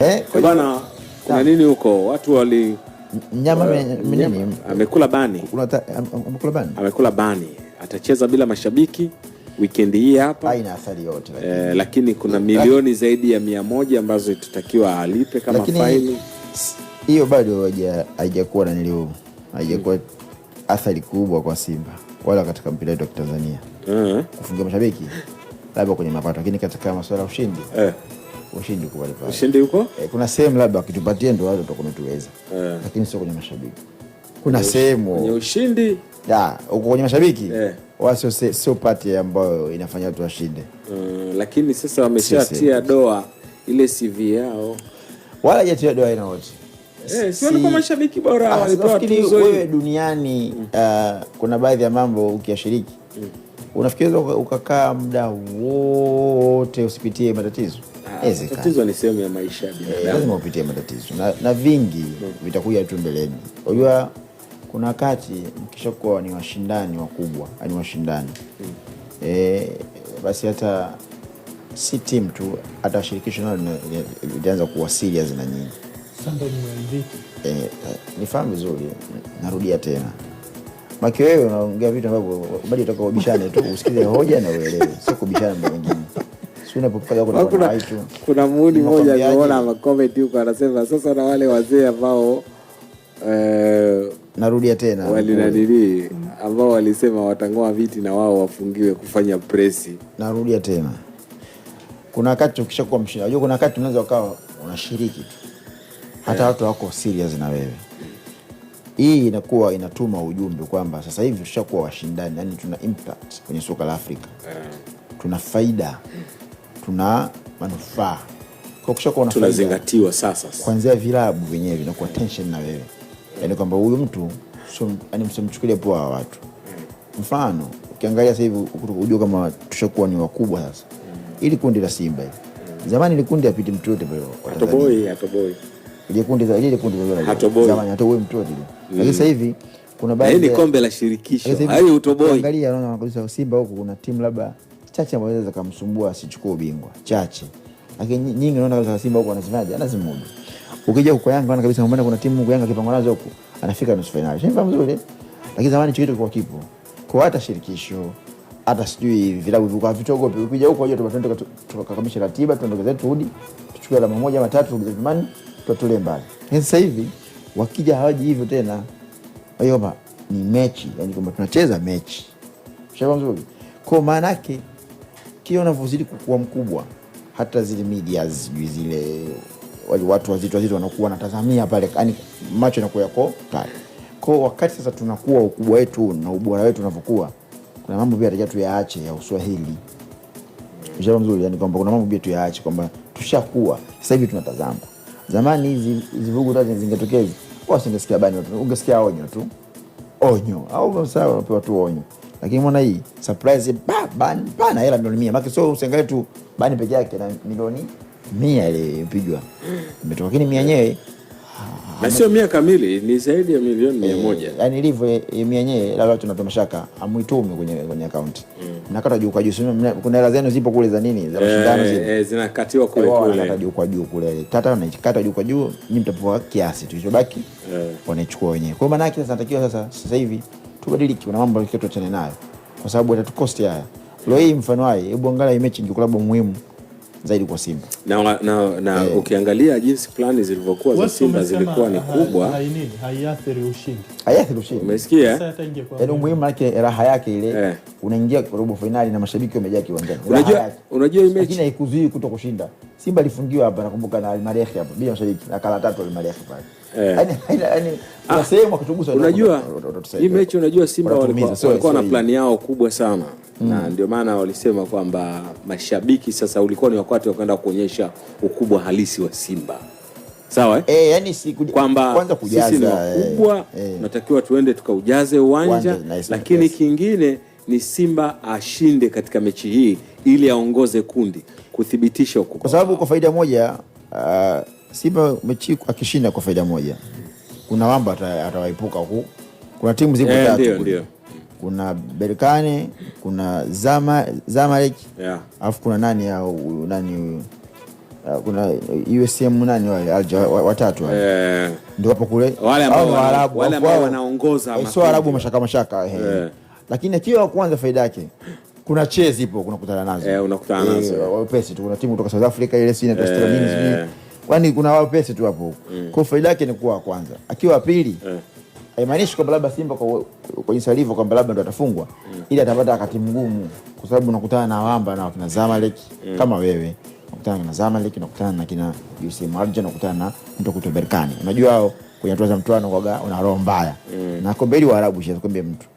Eh, bana, kuna nini huko? Watu wali mnyama uh, amekula bani, amekula bani, atacheza bila mashabiki weekend hii hapa haina athari yote eh, lakini kuna milioni zaidi ya mia moja ambazo itatakiwa alipe kama faini. Hiyo bado haijakuwa nilio. haijakuwa athari kubwa kwa Simba wala katika mpira wetu wa Kitanzania eh. kufungia mashabiki labda kwenye mapato, lakini katika masuala ya ushindi eh ushindi uko pale pale. Ushindi uko? Eh, kuna sehemu labda akitupatia ndio wale tutakuwa tuweza. Yeah. Lakini sio kwenye mashabiki. Kuna sehemu kwenye ushindi da uko kwenye mashabiki. Yeah. Wao sio pati ambayo inafanya watu washinde. Mm, lakini sasa wameshatia doa ile CV yao. Wala hajatia doa ina wote. Eh, si walikuwa mashabiki bora ah, walipewa tuzo. Wewe duniani mm. Uh, kuna baadhi ya mambo ukiyashiriki mm. Unafikiri ukakaa muda wote usipitie matatizo? matatizo ni sehemu ya maisha ya binadamu, eh, lazima upitie matatizo na, na vingi hmm, vitakuja tu mbeleni. Unajua kuna wakati kuwa ni washindani wakubwa, ni yaani washindani hmm, e, basi hata si timu tu, hata shirikisho nalo litaanza kuwa serious na nyinyi. E, eh, nifahamu vizuri, narudia tena maki, wewe unaongea vitu ambavyo bado utakuwa ubishane tu, usikize hoja na uelewe, sio kubishana na wengine kuna, kuna muuni moja nimeona makomenti huko anasema sasa na wale wazee ambao eh, narudia tena walinanilii ambao walisema watang'oa viti na wao wafungiwe kufanya presi. Narudia tena, kuna wakati ukishakuwa mshindi, unajua kuna wakati unaweza ukawa unashiriki hata eh. watu wako serious na wewe. Hii inakuwa inatuma ujumbe kwamba sasa hivi tushakuwa washindani, yani tuna impact kwenye soka la Afrika, eh. tuna faida tuna manufaa tunazingatiwa sasa. Kwanzia vilabu vyenyewe vinakuwa tension na wewe, yaani kwamba huyu mtu yaani msimchukulie poa wa watu. Mfano ukiangalia sasa hivi ujue kama tushakuwa ni wakubwa sasa. Ili kundi la Simba hili zamani ili kundi apiti mtu yote pale, hatoboi hatoboi ile kundi za ile kundi za hatoboi zamani, hata wewe mtu yote ile, lakini mm. sasa hivi kuna baadhi ya kombe la shirikisho, hayo utoboi. Angalia unaona kabisa Simba huku kuna timu labda chache ambazo kumsumbua asichukue ubingwa chache, lakini nyingi naona kama Simba huko anasemaje, anazimudu. Ukija huko Yanga unaona kabisa mbona kuna timu huko Yanga kipango nazo huko anafika nusu finali, Simba mzuri, lakini zamani hicho kwa kipo kwa hata shirikisho hata sijui vilabu vilikuwa havitogopi. Ukija huko unajua tunataka tukakamisha ratiba, tuondoke zetu, turudi tuchukue alama moja ama tatu, tuongeze imani, tutule mbali. Yaani sasa hivi wakija hawaji hivyo tena. Ayoma ni mechi, yani kwamba tunacheza mechi. Shamba mzuri. Kwa maana yake kile unavyozidi kukua mkubwa, hata zile media sijui zile wale watu wazito wazito wanakuwa wanatazamia pale, yani macho yanakuwa yako pale. Kwa wakati sasa tunakuwa ukubwa wetu na ubora wetu unavyokuwa, kuna mambo pia tu yaache ya Uswahili mshara mzuri, yani kwamba kuna mambo pia tuyaache, kwamba tushakuwa sasa hivi tunatazama. Zamani hizi hizi vugu tazi zingetokea hizi, ungesikia bani ungesikia onyo tu, onyo au sawa, unapewa tu onyo lakini mwana hii surprise ba ban pana hela milioni 100 maki, so usiangalie tu bani peke yake na milioni 100 ile iliyopigwa imetoka, lakini 100 yenyewe na sio 100 kamili, ni zaidi ya milioni 100 eh, moja. Yani ilivyo 100 eh, eh, yenyewe, labda tunatoa mashaka, amuitume kwenye kwenye account mm. na kata juu kwa juu. Kuna hela zenu zipo kule za nini za mashindano zile zinakatiwa kule kule, mnakata juu kwa juu kule, tata na kata juu kwa juu, nyinyi mtapoa kiasi tulichobaki wanachukua wenyewe. Kwa maana yake sasa, natakiwa sasa sasa hivi tubadiliki kuna mambo yetu tuachane nayo, kwa sababu atatukosti haya. Leo hii mfano haya, hebu angalia hii mechi ingekuwa klabu muhimu zaidi kwa Simba na, na, na e, Ukiangalia jinsi plani zilivyokuwa za Simba zilikuwa ni kubwa, haiathiri ushindi, haiathiri ushindi. Umesikia eh? Sasa kwa. yaani muhimu yake raha yake ile e, Unaingia kwa robo finali na mashabiki wamejaa kiwanjani, unajua unajua hii mechi lakini haikuzuii kutokushinda. Simba alifungiwa hapa nakumbuka na Al Merrikh hapa bila mashabiki na kala tatu Al pale Eh. Yaani, yaani, yaani, ah, unajua hii mechi, unajua Simba walikuwa na plani yao kubwa sana mm. na ndio maana walisema kwamba mashabiki sasa ulikuwa ni wakati wa kwenda kuonyesha ukubwa halisi wa Simba sawa eh? eh yani si kwamba sisi ni eh, wakubwa e, tunatakiwa tuende tukaujaze uwanja nice, lakini nice. Kingine ni Simba ashinde katika mechi hii ili aongoze kundi kuthibitisha ukubwa, kwa sababu kwa faida moja uh, Simba mechi akishinda kwa faida moja, kuna Wamba atawaepuka huku, kuna timu ziko yeah, tatu kuna Berkane, kuna Zama, Zamalek yeah. Alafu kuna nani au nani kuna USM nani wale Alja watatu wale yeah. Ndio hapo kule wale ambao wale ambao wanaongoza, eh, sio Waarabu mashaka mashaka yeah. Hey. Eh. Lakini akiwa kwanza faida yake kuna chezi ipo, unakutana nazo eh, unakutana nazo eh, wepesi tu. Kuna timu kutoka South Africa ile si na Australia nini yaani kuna wapesi tu hapo huko mm. Kwa faida yake ni kuwa wa kwanza, akiwa wa pili mm. haimaanishi kwamba labda Simba kwa jinsi alivyo kwamba labda ndo atafungwa mm. ili atapata wakati mgumu, kwa sababu unakutana na wamba na wakina Zamalek mm. kama wewe unakutana na Zamalek, unakutana na kina UC Marja, unakutana na mtu Berkane. Unajua hao kwenye hatua za mtoano kwaga una roho mbaya mm. na kombe hili Waarabu shakwambia mtu